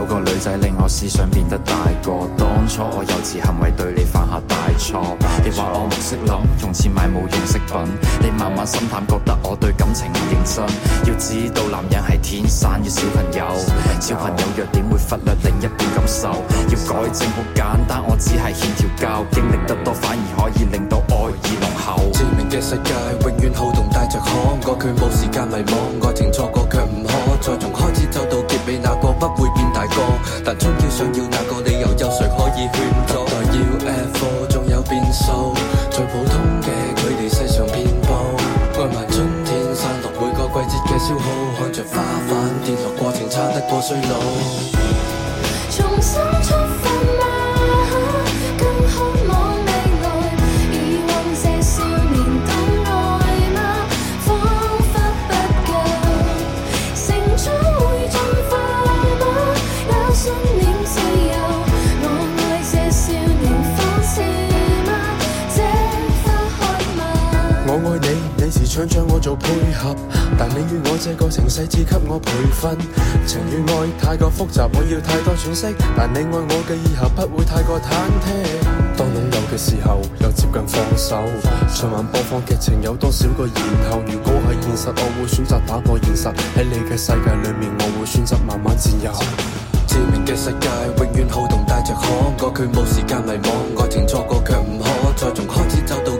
有個女仔令我思想變得大個。當初我幼稚行為對你犯下大錯，你話我唔識諗，用錢買無用飾品。你慢慢心淡，覺得我對感情唔認真。要知道男人係天生嘅小朋友，小朋友弱點會忽略另一半感受。要改正好簡單，我只係欠調教，經歷得多反而可以令到愛意濃厚。志明嘅世界永遠好動帶着可愛，我佢冇時間迷茫愛情錯過卻唔可，再從開始走到結尾，哪、那個不會變。大？但終要想要那個理由，有誰可以勸阻？在 UFO，仲有變數，最普通嘅，距離世上遍布。愛恨春天散落，每個季節嘅消耗，看着花瓣跌落過程，差得過衰老。重生。我愛你，你是唱將我做配合，但你與我這個程式只給我配分。情與愛太過複雜，我要太多喘息。但你愛我嘅以後不會太過忐忑。當擁有嘅時候，又接近放手。循環播放劇情有多少個然後？如果係現實，我會選擇打破現實。喺你嘅世界裏面，我會選擇慢慢自由。致命嘅世界永遠好動帶着渴，我佢，冇時間迷茫。愛情錯過卻唔可再從開始走到。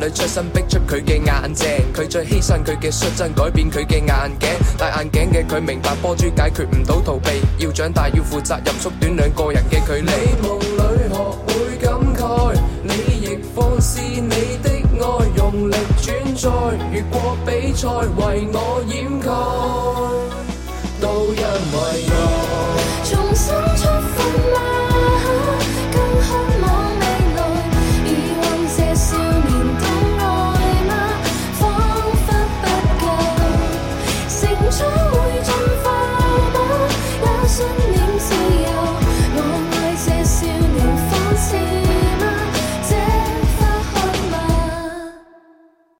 女出身逼出佢嘅眼睛，佢再犧牲佢嘅率真，改變佢嘅眼鏡。戴眼鏡嘅佢明白波珠解決唔到逃避，要長大要負責任，縮短兩個人嘅距離。你夢裏學會感慨，你亦放肆你的愛，用力轉載，越過比賽為我掩蓋。